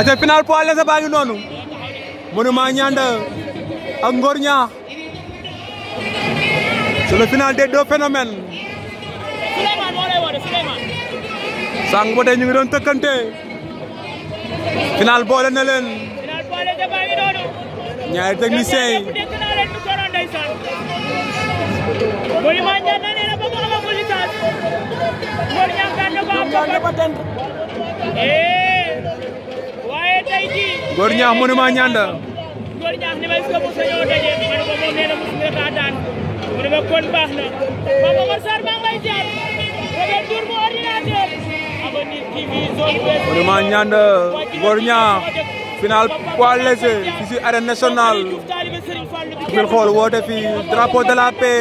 aca final poids léger baa ngi noonu monument Nianda ak Ngor Niakh c'est le final des deux phénomènes sàng ba tey ñu ngi doon tëkkante final boole na leen ñaari technicien yi monument Nianda nee na bëgg amagul licence Ngor Niakh gàddu ko am ba tënk eh. Ngor Niakh monument Nianda Ngor Niakh ni may sobu sañoo daje ma ne ko moom nee na mos nga kaa daan mu ne ma kon baax na Papa Omar Sarr maa ngi lay jaar Robert Tour mu ordinateur Avenir TV zone ouest monument Nianda Ngor Niakh final poids léger fi si arène nationale ngeen xool woote fi drapeau de la paix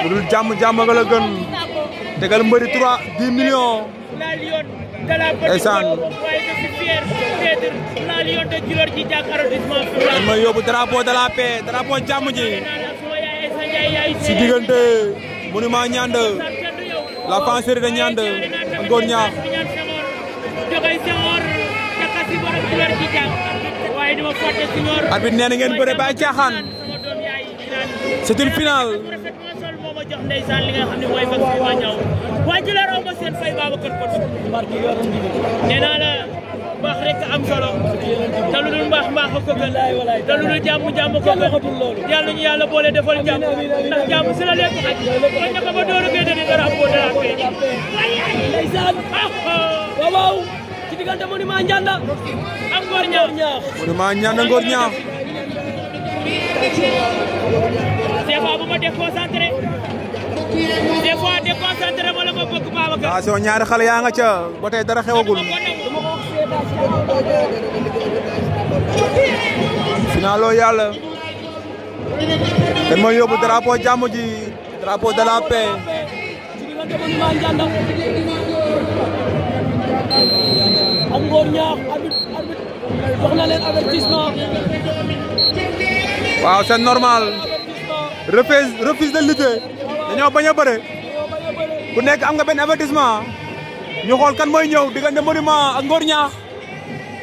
bu dul jàmm jàmm nga la gën tegal mbëri 3 10 millions de la ndeysaan ma yóbbu drapeau de la paix drapeau si diggante monument Nianda ya la fanserie de Nianda Ngor Niakh arbitre nee na ngeen bëre ba caaxaan c'est une finale jox ndeysaan li nga xam ne mooy mag ma ñaw waa Julaar ma seen fay Babacar Pod nee naa la mbaax rek am solo te lu dul mbaax mbaax ko gën te lu dul jàmm jàmm ko gën yàlla ñu boole defal ndax la xaj ko ba dooru di dara am boo dara feeñ ndeysaan ah, ah. waaw waaw ci diggante monument Ndianda ak Ngor Ñaax monument Ndianda des ah, ñaari xale yaa nga ca ba tey dara xewagul. finaaloo yàlla. dañ ma yóbbu drapeau jàmm ji drapeau waaw c'est normal. refuse refuse dañoo bañ a bëre ku nekk am nga benn avertissement ñu kan mooy ñëw diggante monument ak Ngor Ñaax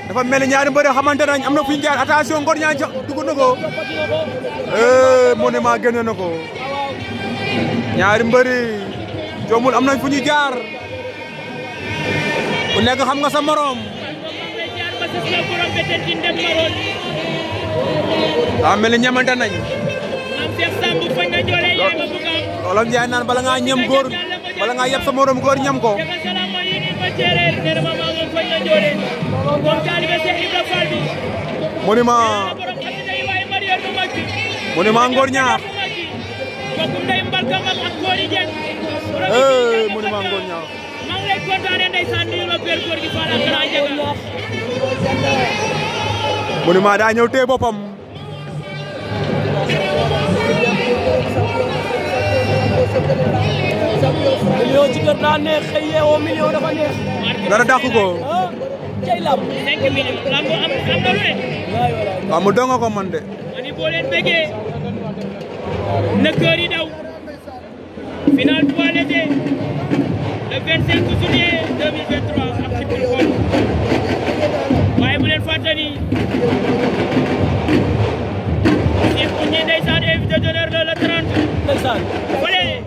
dafa mel ñaari mbër xamante nañ am na jaar attention Ngor Ñaax dugg na ko eh, monument génne na ñaari jaar ku nekk xam nga sa morom nañ Wolof Njaay naan bala ngaa ñam góor bala ngaa yeb sa morom góor ñam ko. monument monument Ngor Ñaax. eh monument Ngor Ñaax. monument daa ñëw téye boppam. million ci kër daa neex dafa neex. dara dàqu ko. Ah, cay lamb. 5 million lamb am am na lu ne. waaw mu dongo ko man de. mani boo trois ak ci biir waaye bu leen fàttali ni ku ñi ndeysaan invité la le 30 ndeysaan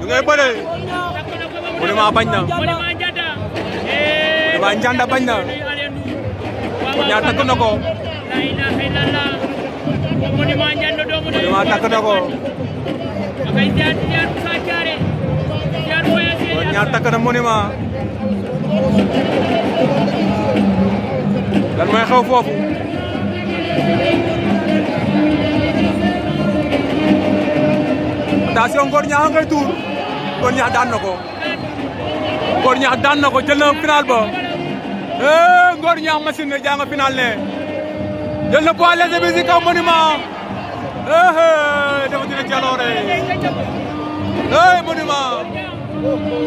ñu ngay bëre Monument bañ na Monument Ndianda bañ na Monument takk na ko Monument takk na ko Monument takk na Monument lan mooy xew foofu attention Ngor Niang ngay tuur Ngor Niakh daan na ko Ngor Niakh daan na ko jël na final ba eh Ngor Niakh machine ne ne jël na poids léger bi si kaw monument eh dafa dina jaloore eh monument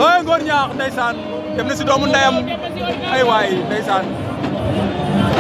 eh Ngor Niakh ndeysaan dem na si doomu ndeyam ay waay ndeysaan